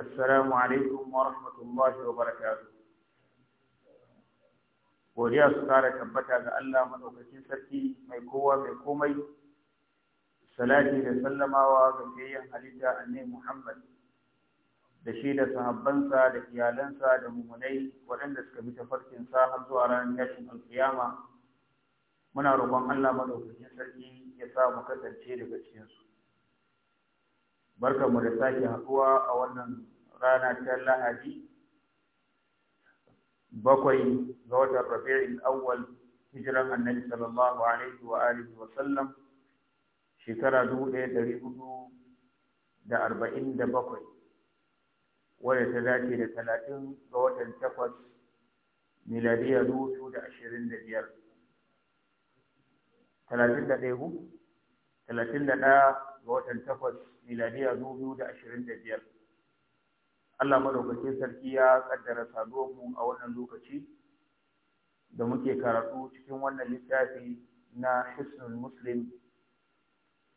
Assalamu alaikum wa rahmatullahi wa barakatuh. Godiya su kara tabbata ga Allah maɗaukakin sarki mai kowa mai komai, salati da sallamawa ga fiyayyen halitta annai Muhammad, da shi da sahabbansa da iyalansa da mummunai waɗanda suka bi sa har zuwa ranar tashin alkiyama. Muna roƙon Allah maɗaukakin sarki ya sa mu kasance daga cikinsu. barkanmu da sake haɗuwa a wannan rana ta lahadi bakwai ga watan rabi'in awwal hijiran annabi sallallahu alaihi wa alihi wa sallam shekara dubu ɗaya ɗari hudu da arba'in da bakwai wadda ta dace da talatin ga watan takwas miladiya dubu biyu da ashirin da biyar talatin da ɗaya talatin da ɗaya ga watan takwas miladiya dubu da ashirin da biyar Allah maɗaukacin sarki ya kaddara mu a wannan lokaci da muke karatu cikin wannan littafi na hisnul muslim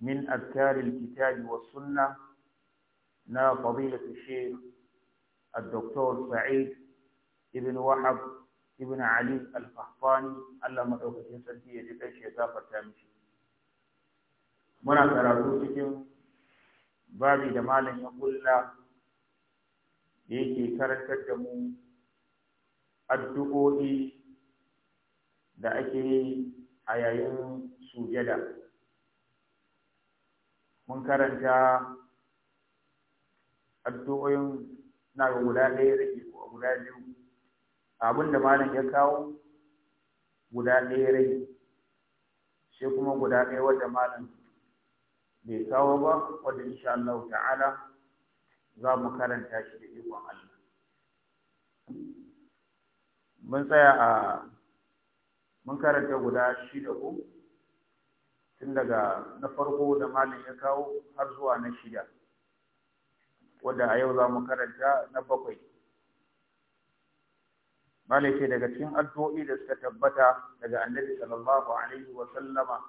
min azkaril kitabi was sunna na fadilatu shaykh الدكتور سعيد al-Fahfani. Allah علي sarki ya ji سركي ya كيش يتافر mishi. muna karatu cikin babi da malam ya kulla da yake karantar da mu addu'o'i da ake yi a yayin sujada mun karanta addu'o'in na guda ɗaya rage ko guda biyu abin da malam ya kawo guda ɗaya rage sai kuma guda ɗaya wadda malam bai kawo ba wanda insha Allah ta'ala za mu karanta shi da ikon Allah mun tsaya a mun karanta guda shida ku? tun daga na farko da malin ya kawo har zuwa na shida wanda a yau za mu karanta na bakwai Malin ke daga cikin addu'o'i da suka tabbata daga annabi sallallahu alaihi wa sallama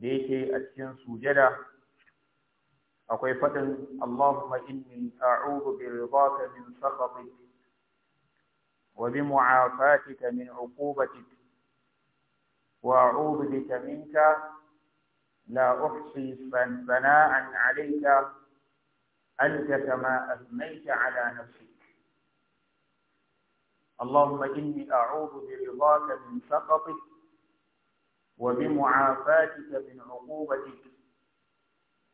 da yake a cikin sujada akwai faɗin Allahumma inni a'udhu bi ridaka min sakhatik wa bi mu'afatika min 'uqubatik wa a'udhu bika minka la uhsi sana'an 'alayka anta kama asnayta 'ala nafsik اللهم إني أعوذ برضاك من سخطك وبمعافاتك من عقوبتك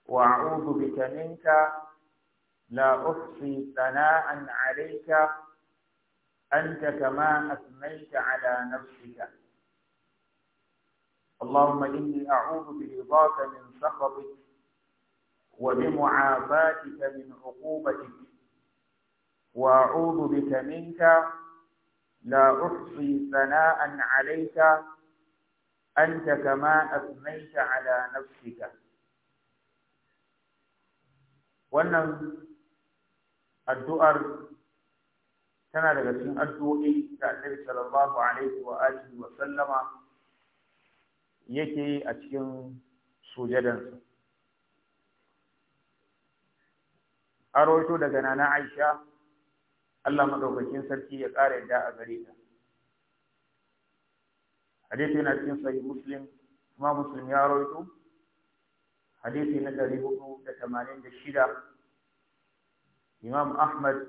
وأعوذ بك منك لا أحصي ثناء عليك أنت كما أثنيت على نفسك اللهم إني أعوذ برضاك من سخطك وبمعافاتك من عقوبتك وأعوذ بك منك لا أحصي ثناء عليك أنت كما أثنيت على نفسك wannan addu'ar tana daga cikin addu'o'i da Annabi sallallahu alaihi wa alihi wa sallama yake a cikin sujadansa a rawaito daga nana Aisha Allah madaukakin sarki ya ƙara yadda a gare ta hadisi yana cikin sahih muslim kuma muslim ya rawaito hadisi na ɗari hudu da tamanin da shida imam ahmad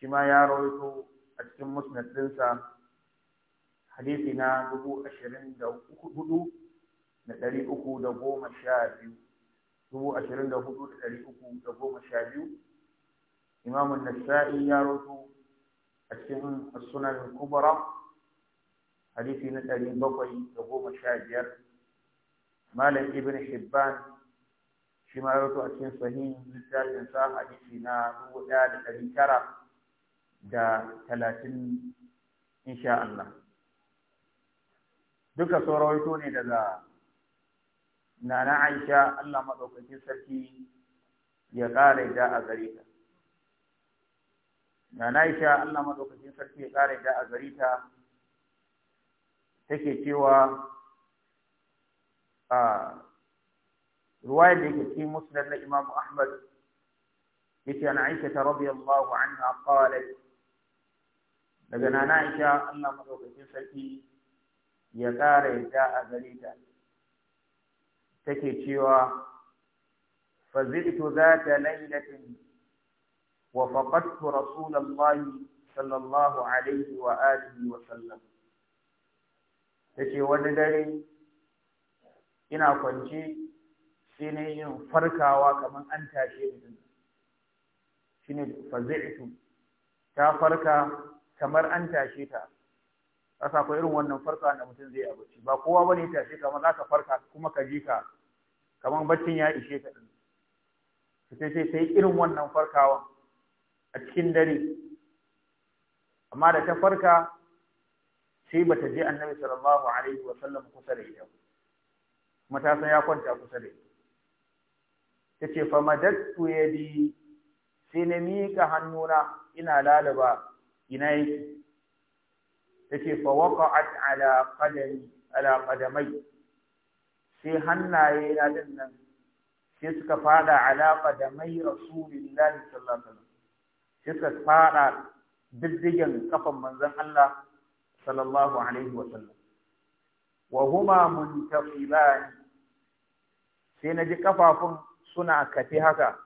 shi ma ya rawaito a cikin musnad ɗinsa hadisi na dubu ashirin da hudu da ɗari uku da goma sha biyu dubu ashirin da hudu da ɗari uku da goma sha biyu imam nasa'i ya rawaito a cikin sunan kubra hadisi na ɗari bakwai da goma sha biyar malam ibn hibban shi ma a cikin sahih littafin sa hadisi na dubu ɗaya da ɗari tara da talatin insha duka sun rawaito ne daga nana Aisha Allah maɗaukakin sarki ya ƙara da a sarki ya ƙara da a gare ta yake cewa a ruwayar da yake cikin musnad na Imam Ahmad yake na aikata ta radiyallahu anha qalat daga nana Aisha Allah madaukakin sarki ya ƙara yadda a gare ta take cewa فزدت ذات ليلة وفقدت رسول الله صلى الله عليه وآله وسلم yace wani dare ina kwance sai ne yin farkawa kamar an tashe ni shine fazi'tu ta farka kamar an tashe ta kasa ko irin wannan farka da mutum zai abuci ba kowa bane tashe kamar zaka farka kuma ka ji ka kamar baccin ya ishe ka din sai sai sai irin wannan farkawa a cikin dare amma da ta farka sai bata je annabi sallallahu alaihi wa sallam kusa da ita kuma ta san ya kwanta kusa da ita tace fa madattu yadi sai na mika hannuna ina lalaba ina yake tace fa waqa'at ala qadami ala qadamai sai hannaye na din nan sai suka fada ala qadamai rasulillahi sallallahu alaihi wasallam sai suka fada diddigen kafan manzon Allah sallallahu alaihi wa sallam wa huma muntaqiban sai naji kafafun suna kafi haka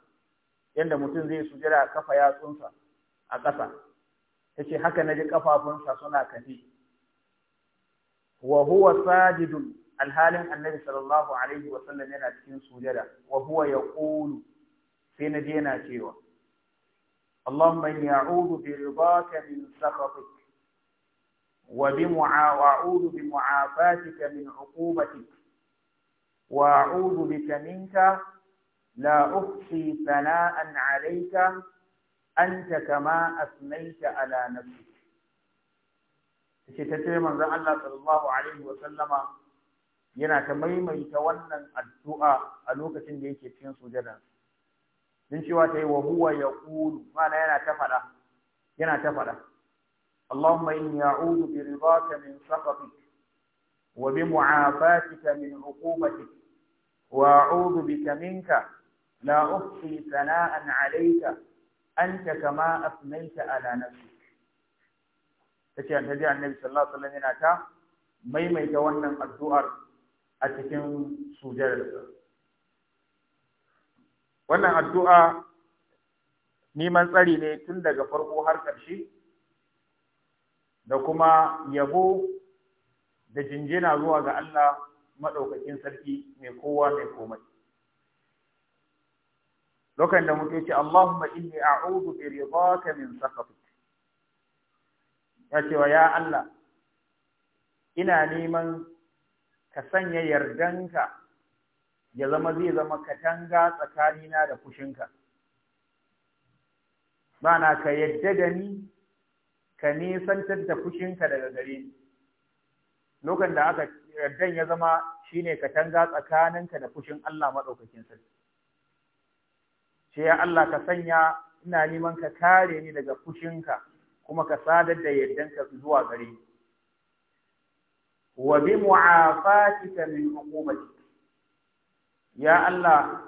yanda mutum zai sujira kafa yatsunsa a ƙasa yace haka ji kafafunsa suna kafi wa huwa sajidun alhalin annabi sallallahu alaihi wa sallam yana cikin sujada Wahuwa ya yaqulu sai naji yana cewa اللهم اني اعوذ برضاك من سخطك وبمعا وأعوذ بمعافاتك من عقوبتك وأعوذ بك منك لا أحصي ثناء عليك أنت كما أثنيت على نفسك ce ta ce manzon Allah sallallahu alaihi wa sallama yana ta maimaita wannan addu'a a lokacin da yake cikin sujada Don cewa ta yi wa huwa yaqulu mana yana ta faɗa yana ta faɗa. اللهم إني أعوذ برضاك من سخطك وبمعافاتك من عقوبتك وأعوذ بك منك لا أحصي ثناء عليك أنت كما أثنيت على نفسك take an hadiya annabi sallallahu alaihi wasallam yana ta maimaita wannan addu'ar a cikin sujar. wannan addu'a neman tsari ne tun daga farko har ƙarshe da kuma yabo da jinjina zuwa ga Allah maɗaukakin sarki mai kowa mai komai. Lokacin da muke ce Allahumma inni a'udhu bi ridaka min sakhatik. Ya cewa ya Allah ina neman ka sanya yardanka ya zama zai zama katanga tsakanina da fushinka. Bana ka yadda da ni ka nisantar da fushinka daga gare ni lokacin da aka yardan ya zama shine katanga tsakaninka da fushin Allah madaukakin sarki sai ya Allah ka sanya ina neman ka kare ni daga fushinka kuma ka sadar da yardanka zuwa gare ni wa bi mu'afatika min uqubati ya Allah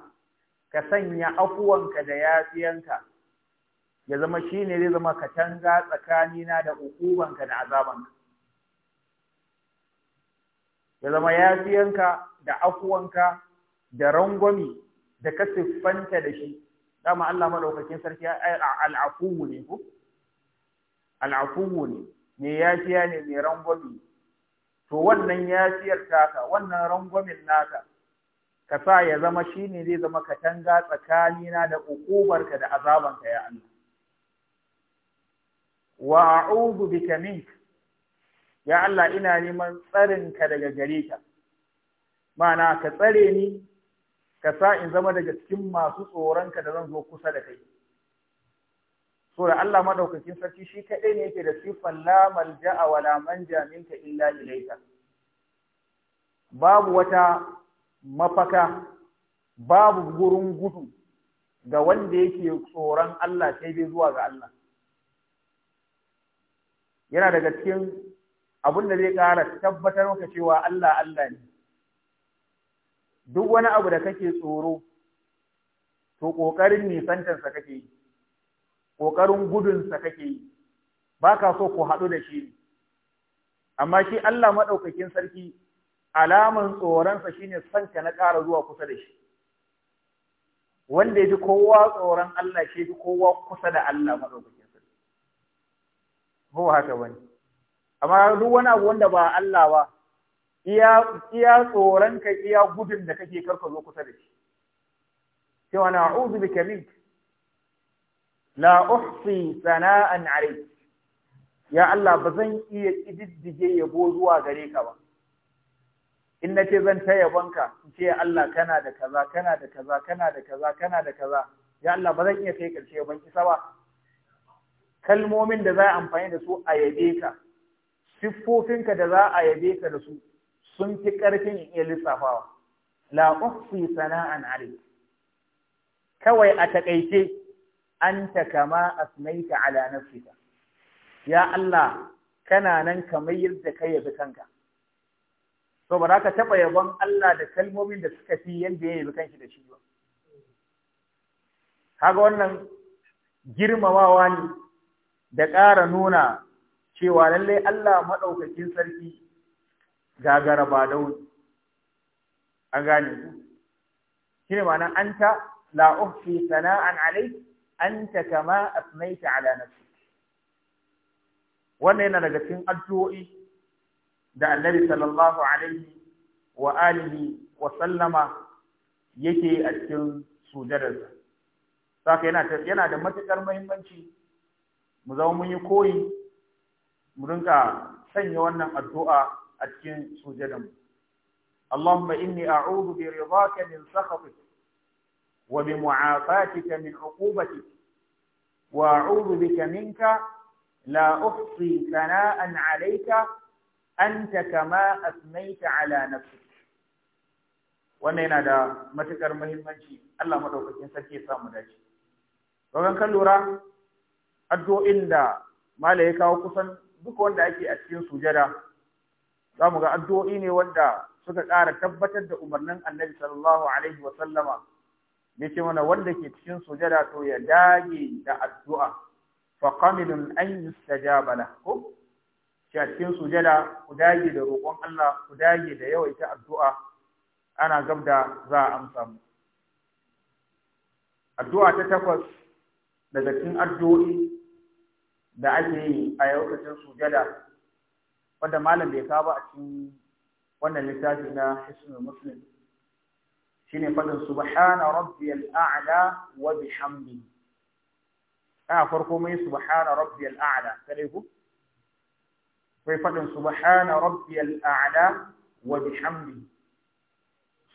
ka sanya afuwanka da yafiyanka ya zama shi ne zai zama katanga tsakanina da ukubanka da azabanka ya zama yafiyanka da afuwanka da rangwami da ka siffanta da shi dama Allah madaukakin sarki al'afuwu ne ko al'afuwu ne me yafiya ne me rangwami to wannan yafiyar taka wannan rangwamin naka ka sa ya zama shi ne zai zama katanga tsakanina da ukubarka da azabanka ya Allah wa a'udhu bika mink ya Allah ina neman tsarinka daga gare ka ma'ana ka tsare ni ka sa in zama daga cikin masu tsoronka da zan zo kusa da kai so da Allah madaukakin sarki shi kaɗai ne yake da siffan la malja'a wa la manja minka illa ilaika babu wata mafaka babu gurin gudu ga wanda yake tsoron Allah sai dai zuwa ga Allah yana daga cikin abun da zai ƙara tabbatar maka cewa Allah Allah ne duk wani abu da kake tsoro to ƙoƙarin nisantarsa kake yi ƙoƙarin gudunsa kake yi ba ka so ku haɗu da shi amma shi Allah maɗaukakin sarki alaman tsoronsa shine sanka na ƙara zuwa kusa da shi wanda ya ji kowa tsoron Allah shi ji kowa kusa da Allah maɗaukakin ba haka bane amma duk wani abu wanda ba Allah ba iya iya tsoron ka iya gudun da kake karka zo kusa da shi cewa a'udhu bika min la uhsi sana'an alayk ya Allah ba zan iya kididdige yabo zuwa gare ka ba in nace zan ta yabonka in ce Allah kana da kaza kana da kaza kana da kaza kana da kaza ya Allah ba zan iya kai karshe ban isa ba kalmomin da za a amfani da su a yabe ka siffofinka da za a yabe ka da su sun fi ƙarfin in iya lissafawa la uhsi sana'an alayk kawai a takaice anta kama asmaita ala nafsika ya Allah kana nan kamar yadda ka yabi kanka to ba za ka taɓa yabon Allah da kalmomin da suka fi yadda ya yabi kanki da shi ba kaga wannan girmamawa ne da ƙara nuna cewa lallai Allah maɗaukakin sarki gagara ba dauni a gane ku shi ne ma'anar anta la uhsi sana'an alai anta kama asnaita ala nafsi wannan yana daga cikin addu'o'i da annabi sallallahu alaihi wa alihi wa sallama yake a cikin sujadarsa saka yana da matukar muhimmanci mu zama mun yi koyi mu rinka sanya wannan addu'a a cikin sujadan Allahumma inni a'udhu bi ridaka min sakhatik wa bi mu'afatika min 'uqubatik wa a'udhu bika minka la uhsi sana'an 'alayka anta kama asmaita 'ala nafsik wannan yana da matukar muhimmanci Allah madaukakin sarki ya samu dace. Bagan kan lura addu'o'in da mala ya kawo kusan duk wanda ake a cikin sujada za mu ga addu'o'i ne wanda suka ƙara tabbatar da umarnin annabi sallallahu alaihi wa sallama ya ce mana wanda ke cikin sujada to ya dage da addu'a fa qamilun an yustajaba lahu shi a cikin sujada ku dage da roƙon Allah ku dage da yawaita addu'a ana gabda za a amsa mu addu'a ta takwas daga cikin addu'o'i da ake yi a lokacin sujada wanda malam bai kawo ba a cikin wannan littafi na hisnul muslim shine fadin subhana rabbiyal a'la wa bihamdi a farko mai subhana rabbiyal a'la kare ku sai fadin subhana rabbiyal a'la wa bihamdi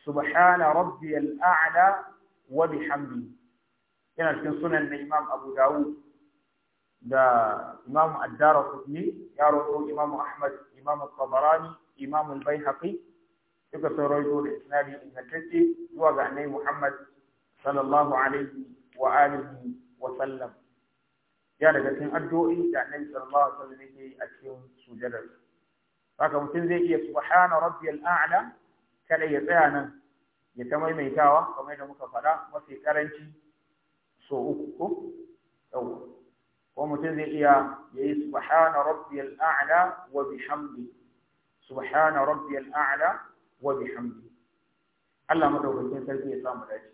subhana rabbiyal a'la wa bihamdi yana cikin sunan na imam abu dawud da Imam Addara Kutni ya roƙo Imam Ahmad Imam Tabarani Imam bai baihaqi duka sun da isnadi ingantacce zuwa ga Annabi Muhammad sallallahu alaihi wa alihi wa sallam ya daga cikin addu'o'i da Annabi sallallahu alaihi wa sallam yake a cikin sujadar haka mutum zai iya subhana rabbiyal a'la kada ya tsaya nan ya ta maimaitawa kamar yadda muka faɗa mafi karanci so uku ko ko mutum zai iya ya yi subhana rabbiyal a'la wa bihamdi subhana rabbiyal a'la wa bihamdi Allah madaukakin sarki ya samu dace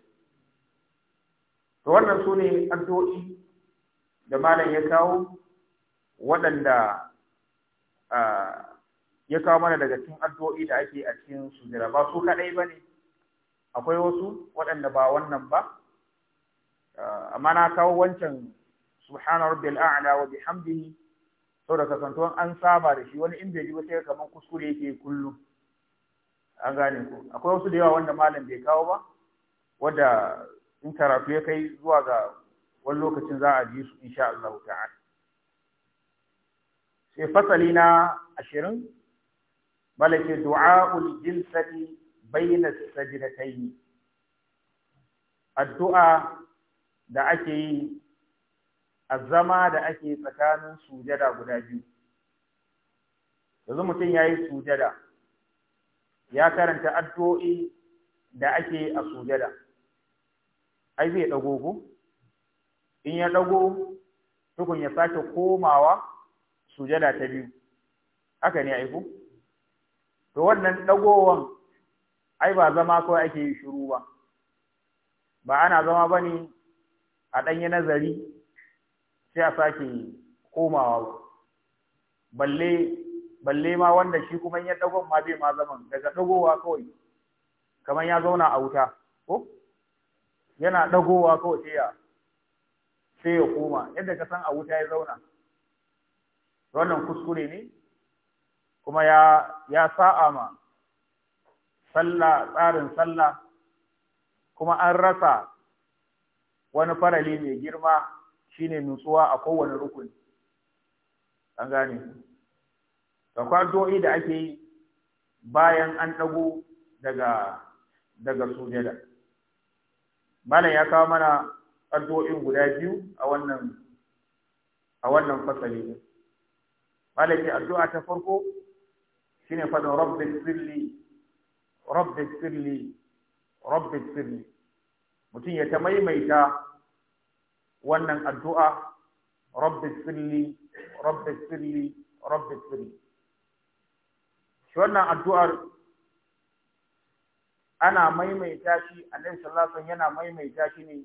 to wannan sune addu'o'i da malam ya kawo waɗanda ya kawo mana daga cikin addu'o'i da ake a cikin jira, ba su kaɗai ba ne akwai wasu waɗanda ba wannan ba amma na kawo wancan subhana rabbi a'la wa bihamdihi saboda kasantuwan an saba da shi wani in bai ji wata kamar kuskure yake kullum an gane ku. akwai wasu da yawa wanda malam bai kawo ba wanda in karatu ya kai zuwa ga wani lokacin za a ji su in sha Allah ta'ala sai fasali na ashirin malake du'a'ul jinsati bayna sajdatayn addu'a da ake yi azama da ake tsakanin sujada guda biyu yanzu mutum ya yi sujada ya karanta addu'o'i da ake a sujada ai zai ɗago ku in ya ɗago tukun ya sake komawa sujada ta biyu haka ne aiku to wannan ɗagowan ai ba zama kawai ake yi shiru ba ba ana zama ba ne a ɗanyi nazari sai a sake komawa balle balle ma wanda shi kuma ya dagon ma bai ma zaman daga dagowa kawai kamar ya zauna a wuta ko yana dagowa kawai sai ya sai ya koma yadda ka san a wuta ya zauna wannan kuskure ne kuma ya ya sa'a ma sallah tsarin sallah kuma an rasa wani farali mai girma shine nutsuwa a kowane rukuni an gane da kwado'i da ake yi bayan an dago daga daga sujada malam ya kawo mana addu'o'in guda biyu a wannan a wannan fasali malam ya addu'a ta farko shine fadin rabbi sirli rabbi sirli rabbi sirli mutum ya ta maimaita wannan addu'a rabbi firli rabbi firli rabbi firli shi wannan addu'ar ana maimaita shi a sallallahu alaihi yana maimaita shi ne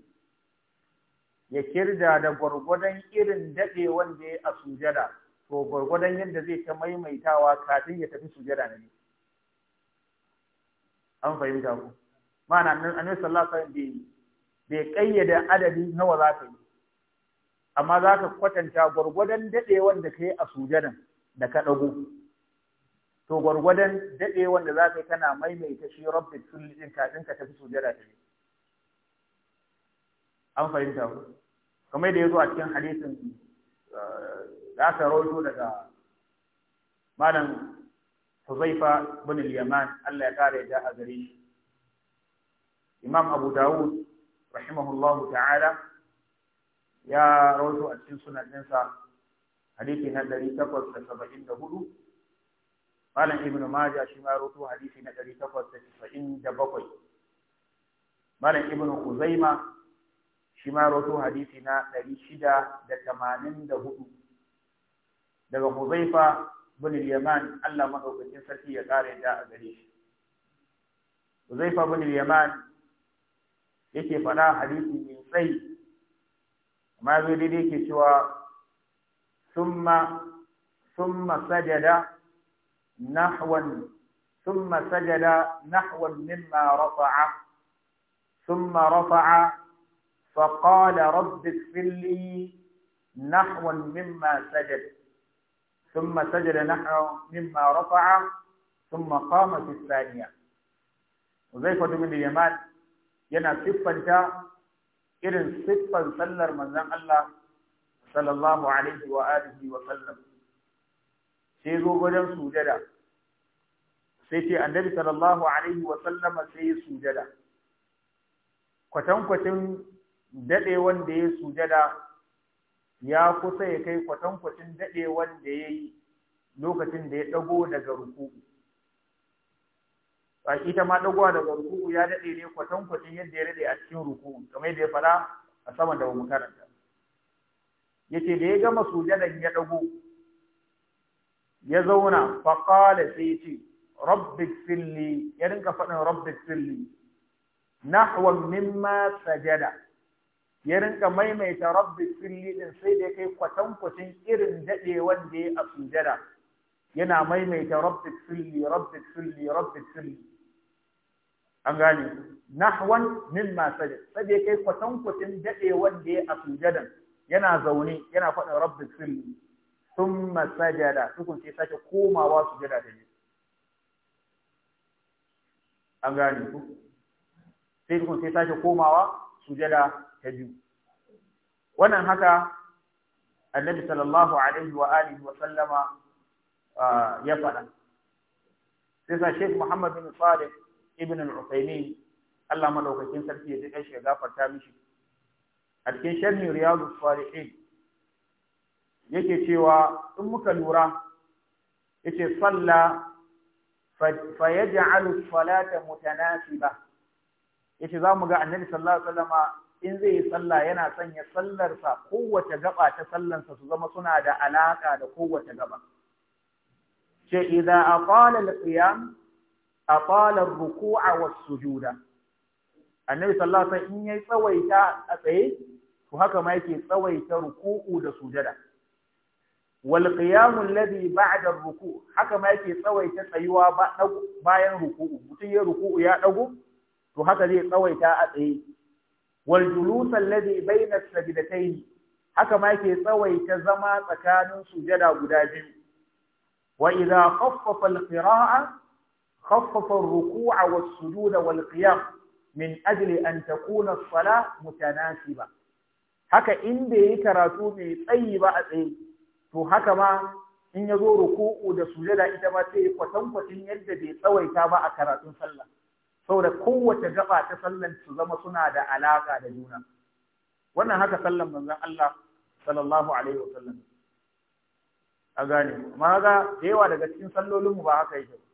ya kirda da gwargwadon irin daɗe wanda ya a sujada to gwargwadon yadda zai ta maimaitawa kafin ya tafi sujada ne an fahimta ku ma'ana annabi sallallahu alaihi wasallam bai bai kayyade adadin nawa za ka yi amma za ka kwatanta gwargwadon daɗewan da ka yi a sujadan da ka ɗago to gwargwadon daɗewan da za ka yi kana maimaita shi rabbi sulli ɗin kafin ka tafi sujada ta an fahimta ku kamar da ya zo a cikin hadisin eh, da aka rojo daga malam Huzaifa bin Allah ya kare da a gare shi Imam Abu Dawud rahimahullahu ta'ala ya rawato a cikin sunan ɗinsa hadisi na ɗari takwas da saba'in da hudu malam ibn majah shi ma rawato hadisi na ɗari takwas da saba'in da bakwai malam ibn Uzaima shi ma rawato hadisi na ɗari shida da tamanin da hudu daga huzaifa bin yaman Allah madaukakin sarki ya kare da a gare shi huzaifa bin yaman yake faɗa hadisi mai tsayi ما بيديك سوى ثم ثم سجد نحو ثم سجد نحو مما رفع ثم رفع فقال رب اغفر لي نحو مما سجد ثم سجد نحو مما رفع ثم قام في الثانية وزي كنت من اليمن ينا سفن irin siffan sallar manzan Allah sallallahu alaihi wa alihi wa sallam sai zo gurin sujada sai ce annabi sallallahu alaihi wa sallam sai ya sujada kwatankwacin daɗe wanda ya sujada ya kusa ya kai kwatankwacin daɗe wanda ya yi lokacin da ya ɗago daga ruku'u ita ma dagowa daga ruku'u ya daɗe ne kwatan kwatan yadda ya rade a cikin ruku'u kamar yadda ya faɗa a saman da mu karanta yace da ya gama sujadan ya dago ya zauna fa qala sai ce, rabbi filli ya rinka faɗin rabbi filli nahwan mimma sajada ya rinka maimaita rabbi filli din sai da ya kai kwatankwacin irin daɗewan da ya a sujada yana maimaita rabbi filli rabbi filli rabbi filli an gane nahwan min sajid sai kai kwatan kwatin dade wanda ya asujadan yana zaune yana faɗin rabbi firli thumma sajada tukun sai sake komawa sujada da ni an gane ku sai tukun sai sake komawa sujada ta biyu wannan haka annabi sallallahu alaihi wa alihi wa sallama ah, ya fada sai sa Sheikh Muhammad bin Salih ibn al-Uthaymeen Allah madaukakin sarki ya ji kai ya gafarta mishi a cikin sharhi riyadu salihin yake cewa in muka lura yace salla fa yaj'alu salata mutanasiba yace zamu ga annabi sallallahu alaihi wasallama in zai yi sallah yana sanya sallarsa kowace gaba ta sallansa su zama suna da alaka da kowace gaba ce idza aqala al-qiyam A falon ruku'a was sujuda annabi sallallahu alaihi wasallam in yayi tsawaita a tsaye to haka ma yake tsawaita ruku'u da sujada wal qiyamu alladhi ba'da ruku haka ma yake tsawaita tsayuwa bayan ruku'u mutum ya ruku'u ya dago to haka zai tsawaita a tsaye wal julus alladhi bayna as-sajdatayn haka ma yake tsawaita zama tsakanin sujada guda biyu wa idha khaffafa al خفف الركوع والسجود والقيام min ajli an takuna sala mutanasiba haka in bai yi karatu mai tsayi ba a tsaye to haka ma in ya zo ruku'u da sujada ita ma sai kwatankwacin yadda bai tsawaita ba a karatun sallah saboda kowace gaba ta sallan su zama suna da alaka da juna wannan haka sallan manzon Allah sallallahu alaihi sallam a gane ma ga da yawa daga cikin sallolinmu ba haka yake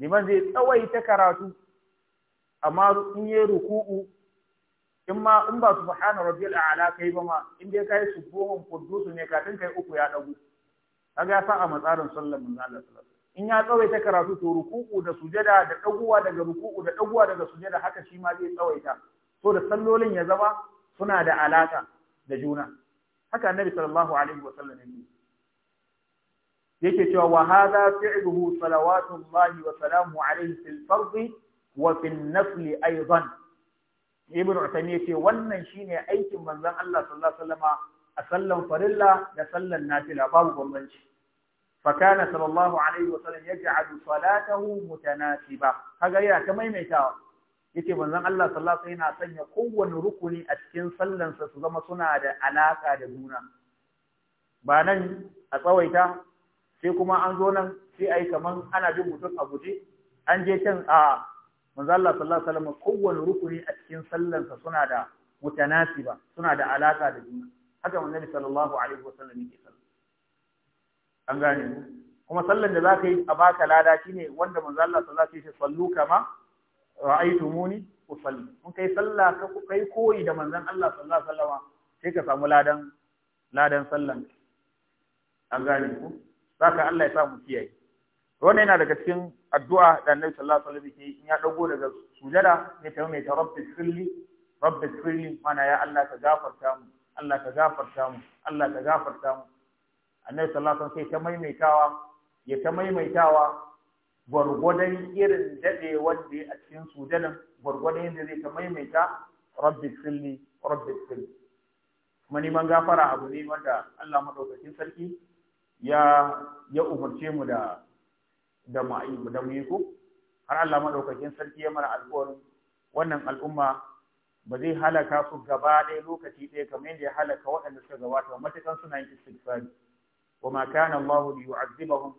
liman zai tsawaita karatu amma in yi ruku'u in ma in ba subhana rabbiyal a'la kai ba ma in dai kai subuhun qudusu ne kafin kai uku ya dago kaga ya sa a matsarin sallar manzo Allah sallallahu in ya tsawaita karatu to ruku'u da sujada da daguwa daga ruku'u da daguwa daga sujada haka shi ma zai tsawaita so da sallolin ya zama suna da alaka da juna haka annabi sallallahu alaihi wa sallam yake yake cewa wa hadha fi'luhu salawatullahi wa salamu alayhi fil fardh wa fil nafl aidan ibn Uthaymeen yace wannan shine aikin manzon Allah sallallahu alaihi wasallama a sallan farilla da sallan nafila babu bambanci فكان صلى الله عليه وسلم يجعل صلاته متناسبة kaga ya ta maimaitawa yace manzon Allah sallallahu alaihi wasallam yana sanya kowanne rukuni a cikin sallansa su zama suna da alaka da juna ba nan a tsawaita sai kuma an zo nan sai a yi kaman ana bin mutum a guje an je can a manzo Allah sallallahu alaihi wasallam kowanne rukuni a cikin sallansa suna da mutanasiba suna da alaka da juna haka annabi sallallahu alaihi wasallam yake sallah an gane ku kuma sallan da zaka yi a baka lada shine wanda manzo Allah sallallahu alaihi wasallam sallu kama ra'aytumuni usalli mun kai sallah ka kai koyi da manzon Allah sallallahu alaihi wasallam sai ka samu ladan ladan sallan an gane ku zaka Allah ya sa mu kiyaye wannan yana daga cikin addu'a da Annabi sallallahu alaihi wasallam yake in ya dago daga sujada ne ta mai ta rabbi sirli rabbi sirli mana ya Allah ka gafarta mu Allah ka gafarta mu Allah ka gafarta mu Annabi sallallahu alaihi wasallam sai ta maimaitawa ya ta maimaitawa gwargwadon irin dade wanda a cikin sujadan gwargwadon yadda zai ta maimaita rabbi sirli rabbi sirli kuma neman gafara abu ne wanda Allah madaukakin sarki ya ya umarce mu da da mu da mu yi ko har Allah madaukakin sarki ya mana alƙawarin wannan al'umma ba zai halaka su gaba ɗaya lokaci ɗaya kamar yadda ya halaka waɗanda suka gabata matakan suna yin istighfari wa ma kana Allah li yu'azzibahum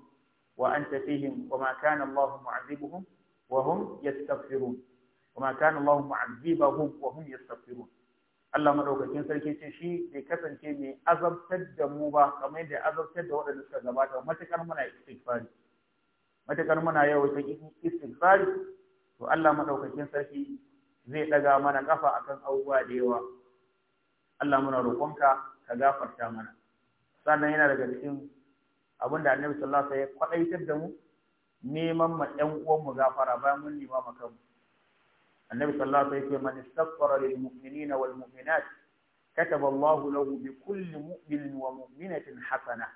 wa anta fihim wa ma kana Allah mu'azzibuhum wa hum yastaghfirun wa ma kana Allah mu'azzibahum wa hum yastaghfirun Allah madaukakin sarki ce shi bai kasance mai azabtar da mu ba kamar yadda azabtar da waɗanda suka gabata matakar muna istighfari matakar muna yawaita istighfari to Allah madaukakin sarki zai ɗaga mana kafa akan abubuwa da yawa Allah muna roƙonka ka gafarta mana sannan yana daga cikin abinda Annabi sallallahu alaihi wasallam ya kwadaitar da mu neman ma ɗan uwan mu gafara bayan mun nema ma kanmu النبي صلى الله عليه وسلم من استغفر للمؤمنين والمؤمنات كتب الله له بكل مؤمن ومؤمنة حسنة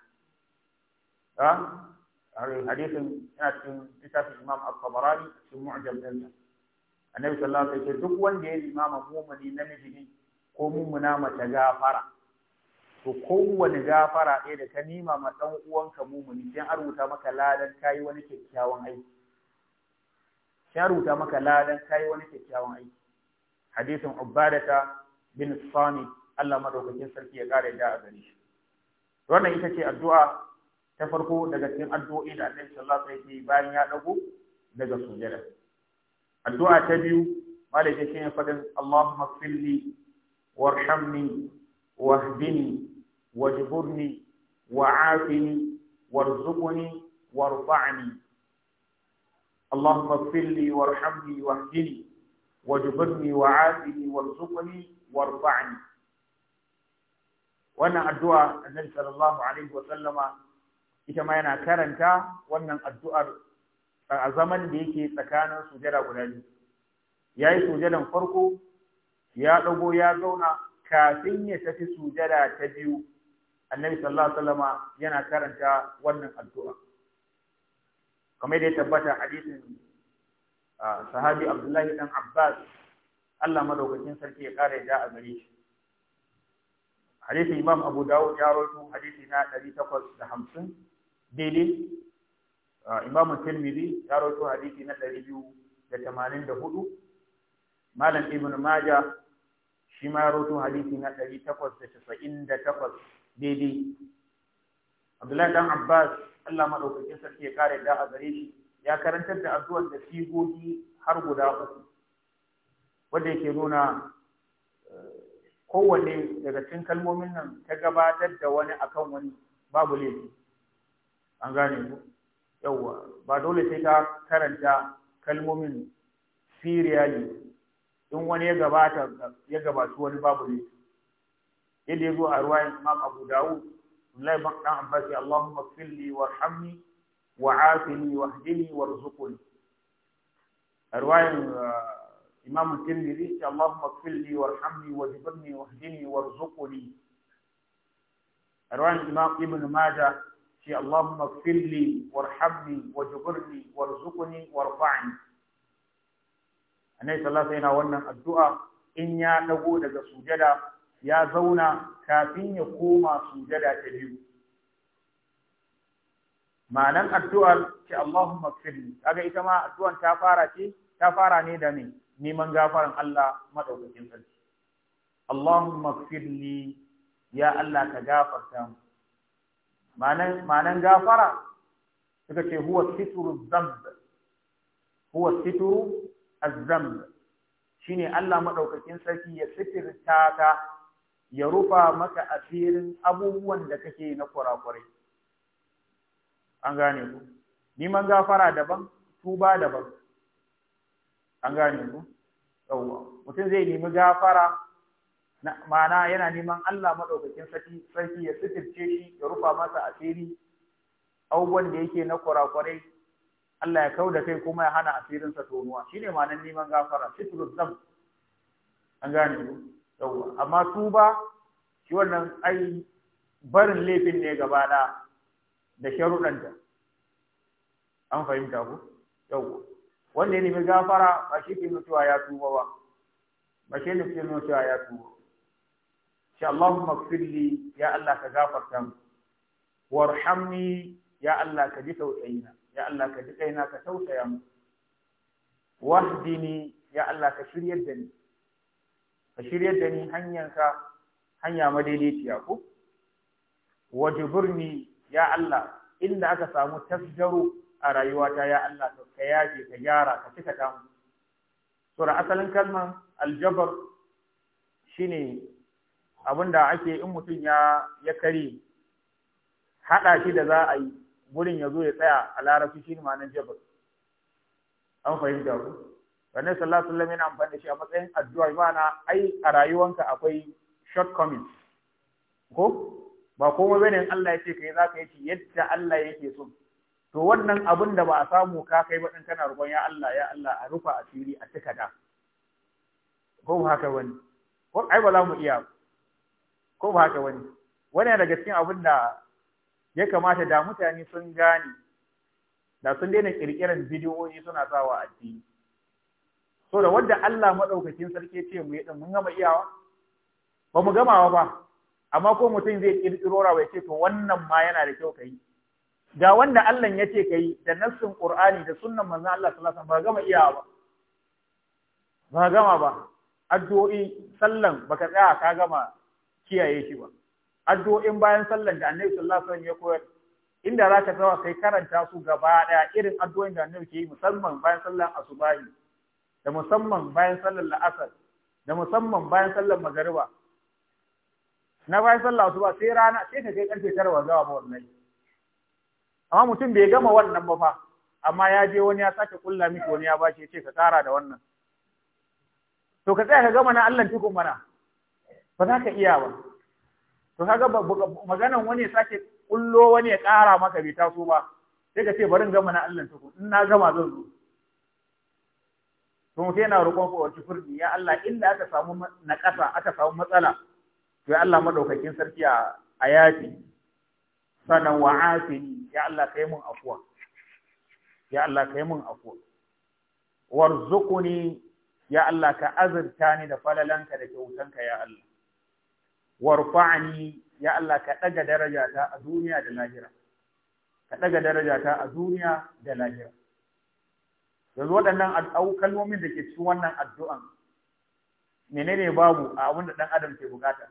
حديث كتاب الإمام الطبراني في معجم دلنا النبي صلى الله عليه وسلم duk wanda ya limama mumuni namiji ne ko mumuna mace gafara to kowane gafara ɗaya da ka nima ma ɗan uwanka mumuni sai an rubuta maka ladan kayi wani kyakkyawan aiki ya rubuta maka ladan kai wani kyakkyawan aiki hadisin ubadata bin Sani: Allah madaukakin sarki ya kare da a gare shi wannan ita ce addu'a ta farko daga cikin addu'o'i da Annabi sallallahu alaihi wasallam bayan ya dago daga sujada addu'a ta biyu malaka shi ne fadin Allahumma firli warhamni wahdini wajburni wa'afini warzuqni warfa'ni اللهم اغفر لي وارحمني واهدني واجبرني وعافني وارزقني وارفعني wannan addu'a annabi sallallahu alaihi wa sallama ita ma yana karanta wannan addu'ar a zaman da yake tsakanin sujada guda biyu yayi sujadan farko ya ɗago ya zauna kafin ya tafi sujada ta biyu annabi sallallahu alaihi wa sallama yana karanta wannan addu'a kamar yadda ya tabbata hadisin sahabi Abdullahi dan Abbas Allah madaukakin sarki ya kare da a gare shi hadisin Imam Abu Dawud ya rawaito hadisi na 850 daidai Imam Tirmidhi ya rawaito hadisi na 284 Malam Ibn Majah shi ma ya rawaito hadisi na 898 daidai Abdullahi dan Abbas Allah madaukakin sarki ya kare da a gare shi ya karantar da addu'ar da sigogi har guda uku wanda yake nuna eh, kowanne daga cikin kalmomin nan ta gabatar da wani akan wani babu laifi an gane ku yawwa ba dole sai ka karanta kalmomin siriyali in wani ya gabata ya gabaci wani babu laifi yadda ya zo a ruwayan Imam Abu Dawud Abdullahi ibn Abbas Allahumma ighfirli warhamni wa'afini wahdini warzuqni riwayan uh, Imam Tirmidhi Allahumma ighfirli warhamni wajibni wahdini warzuqni riwayan Imam Ibn Majah shi Allahumma ighfirli warhamni wajibni warzuqni warfa'ni annabi sallallahu alaihi wasallam wannan addu'a in ya dago daga sujada ya zauna kafin ya koma sujada ta biyu ma'anan addu'ar ce Allahumma firli kaga ita ma addu'an ta fara ce ta fara ne da ne, neman gafaran Allah madaukakin sarki Allahumma firli ya Allah ka gafarta mu ma'anan gafara suka ce huwa sitru dhanb huwa sitru az-dhanb shine Allah madaukakin sarki ya sitirta ka ya rufa maka asirin abubuwan da kake na kurakurai an gane ku neman gafara daban tuba daban an gane ku yawwa mutum zai nemi gafara ma'ana yana neman Allah madaukakin sarki sarki ya sitirce shi ya rufa masa asiri abubuwan da yake na kurakurai Allah ya kauda kai kuma ya hana asirinsa tonuwa shine ma'anar neman gafara sitrul zam an gane ku yawwa amma tuba shi wannan ai barin laifin ne gaba da da sharuɗanta an fahimta ku yawwa wanda ya nemi gafara ba shi ke mutuwa ya tuba ba ba shi ne ke mutuwa ya tuba shi Allahumma gfirli ya Allah ka gafarta mu warhamni ya Allah ka ji tausayina ya Allah ka ji kaina ka tausaya mu wahdini ya Allah ka shiryar da ni ka shirye da ni hanyarka hanya madaidaiciya ko wajburni ya Allah inda aka samu tasjaru a rayuwata ya Allah to ka yaje ka gyara ka cika ta mu sura asalin kalman aljabar shine abinda ake in mutum ya ya kare hada shi da za a yi gurin ya zo ya tsaya a larabci shine ma'anar jabar an fahimta ku wannan sallallahu alaihi wasallam yana amfani da shi a matsayin addu'a ma'ana ai a rayuwanka akwai shortcomings ko ba komai bane Allah ya ce kai zaka yi yadda Allah yake so to wannan abin da ba a samu ka kai ba din kana roƙon ya Allah ya Allah a rufa asiri a tuka da ko ba haka wani ko ai ba za mu iya ko ba haka wani wani daga cikin abin da ya kamata da mutane sun gane da sun daina ƙirƙirar bidiyoyi suna sawa addini so da wanda Allah maɗaukacin sarki ce mu yi mun gama iyawa ba mu gamawa ba amma ko mutum zai ƙirƙiro rawa ya ce to wannan ma yana da kyau kai ga wanda Allah ya ce ka yi, da nassin Qur'ani da sunnan manzon Allah sallallahu alaihi ba gama iyawa ba ba gama ba addu'o'i sallan baka tsaya ka gama kiyaye shi ba addu'o'in bayan sallan da Annabi sallallahu alaihi wasallam ya koyar inda zaka tsawa kai karanta su gaba ɗaya, irin addu'o'in da Annabi ke yi musamman bayan sallan asubahi da musamman bayan sallar la'asar da musamman bayan sallar magariba na bayan sallar asuba sai rana sai ka kai karfe tara zawa ba yi amma mutum bai gama wannan ba fa amma ya je wani ya sake kulla miki wani ya bashi ya ce ka kara da wannan to ka tsaya ka gama na Allah tukun mana ba za ka iya ba to kaga maganan wani ya sake kullo wani ya kara maka bai taso ba sai ka ce bari in gama na Allah tukun in na gama zan zo to mutum yana roƙon ka wace furdi ya Allah inda aka samu naƙasa aka samu matsala to ya Allah madaukakin sarki a ayati sanan wa afini ya Allah kai mun afuwa ya Allah kai mun afuwa warzuquni ya Allah ka azurta ni da falalanka da kyautanka ya Allah warfa'ni ya Allah ka daga darajata a duniya da lahira ka daga darajata a duniya da lahira yanzu waɗannan kalmomin da ke cikin wannan addu'an menene babu a abin da ɗan adam ke bukata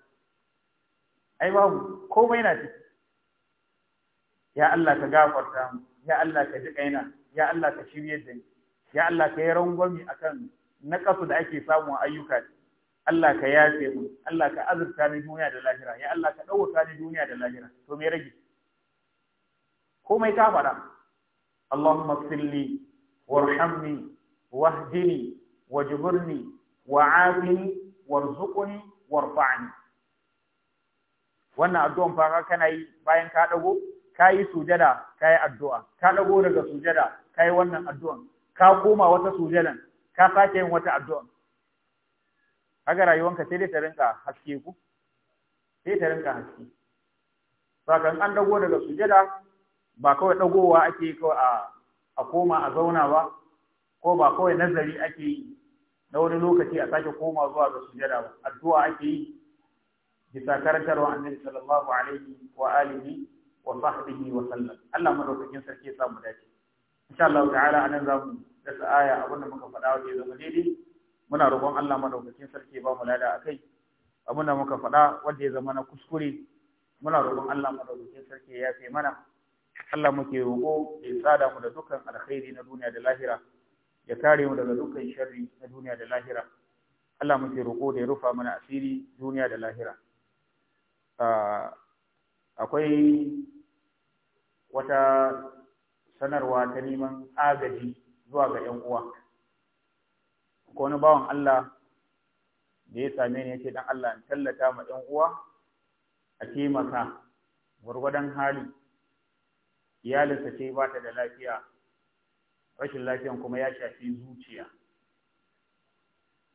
ai babu komai na ciki ya Allah ka gafarta mu ya Allah ka ji kaina ya Allah ka shirye da ni ya Allah ka yi rangwami akan na kasu da ake samu a ayyuka Allah ka yafe mu Allah ka azurta ni duniya da lahira ya Allah ka ɗaukaka ni duniya da lahira to me rage komai ka faɗa Allahumma salli وارحمني واهدني واجبرني وعافني warzuqni warfa'ni wannan addu'an fa kana yi bayan ka dago kai sujada kai addu'a ka dago daga sujada kai wannan addu'an ka koma wata sujadan ka sake yin wata addu'an kaga rayuwanka sai dai ta rinka haske ku sai ta rinka haske saka an dago daga sujada ba kawai dagowa ake kawai a a koma a zauna ba ko ba kawai nazari ake yi na wani lokaci a sake koma zuwa ga sujada ba addu'a ake yi bisa karantarwa annabi sallallahu alaihi wa alihi wa sahbihi wa sallam Allah madaukakin sarki ya samu dace insha Allah ta'ala anan za mu dasa aya abin da muka faɗa wajen zama daidai muna roƙon Allah madaukakin sarki ba mu lada akai abin da muka faɗa wanda ya zama na kuskure muna roƙon Allah madaukakin sarki ya yafe mana Allah muke roƙo ya tsada mu da dukkan alkhairi na duniya da lahira ya kare mu daga dukkan sharri na duniya da lahira Allah muke roƙo da ya rufa mana asiri duniya da lahira akwai wata sanarwa ta neman agaji zuwa ga ‘yan uwa ko wani bawan Allah da ya same ni ya ce dan Allah in tallata ma ‘yan uwa a taimaka gwargwadon hali iyalinsa ce bata da lafiya rashin lafiyan kuma ya shafi zuciya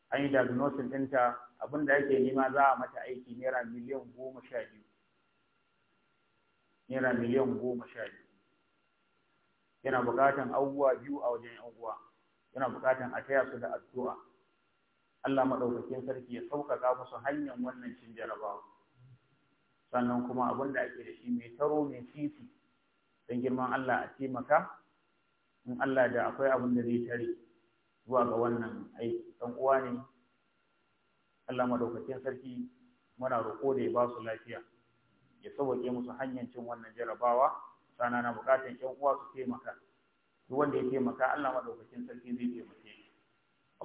an yi diagnosis ɗinta abinda ake nema za a mata aiki naira miliyan goma sha biyu naira miliyan goma yana buƙatan abubuwa biyu a wajen yan yana buƙatan a taya su da addu'a Allah maɗaukakin sarki ya sauƙaƙa musu hanyar wannan cin jarabawa sannan kuma abin da ake da shi mai taro mai titi don girman Allah a taimaka in Allah da akwai abin da zai tare zuwa ga wannan aiki dan uwa ne Allah madaukakin sarki muna roƙo da ya ba su lafiya ya sauke musu hanyar cin wannan jarabawa sana na buƙatar ƴan uwa su taimaka duk wanda ya taimaka Allah madaukakin sarki zai taimake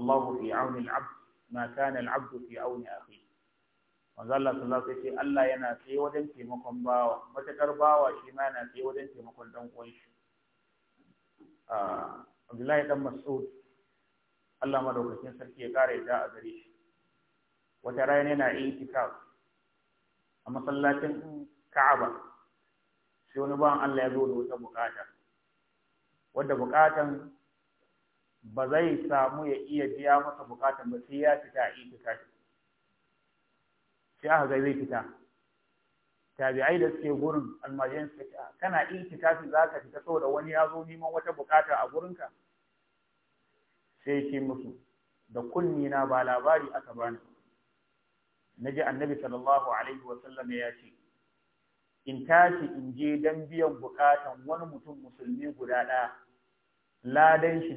Allahu fi auni al-abd ma kana al-abd fi auni akhihi manzo Allah sallallahu alaihi wasallam Allah yana tsaye wajen taimakon bawa matakar bawa shi ma yana tsaye wajen taimakon dan uwan shi ah, Abdullahi dan Mas'ud Allah madaukakin sarki ya kare da a gare shi wata rana yana itikaf a masallacin Ka'aba sai wani bawan Allah ya zo da wata bukata wanda bukatan ba zai samu ya iya biya masa bukatan ba sai ya fita a itikafi sai aka ga zai fita tabi'ai da suke gurin almajiran suka ce ah, kana su za ka fita saboda wani ya zo neman wata bukata a gurinka sai ce musu da kunni na ba labari aka bani na ji annabi sallallahu alaihi wa sallam ya ce in tashi in je dan biyan bukatan wani mutum musulmi guda ɗaya ladan shi da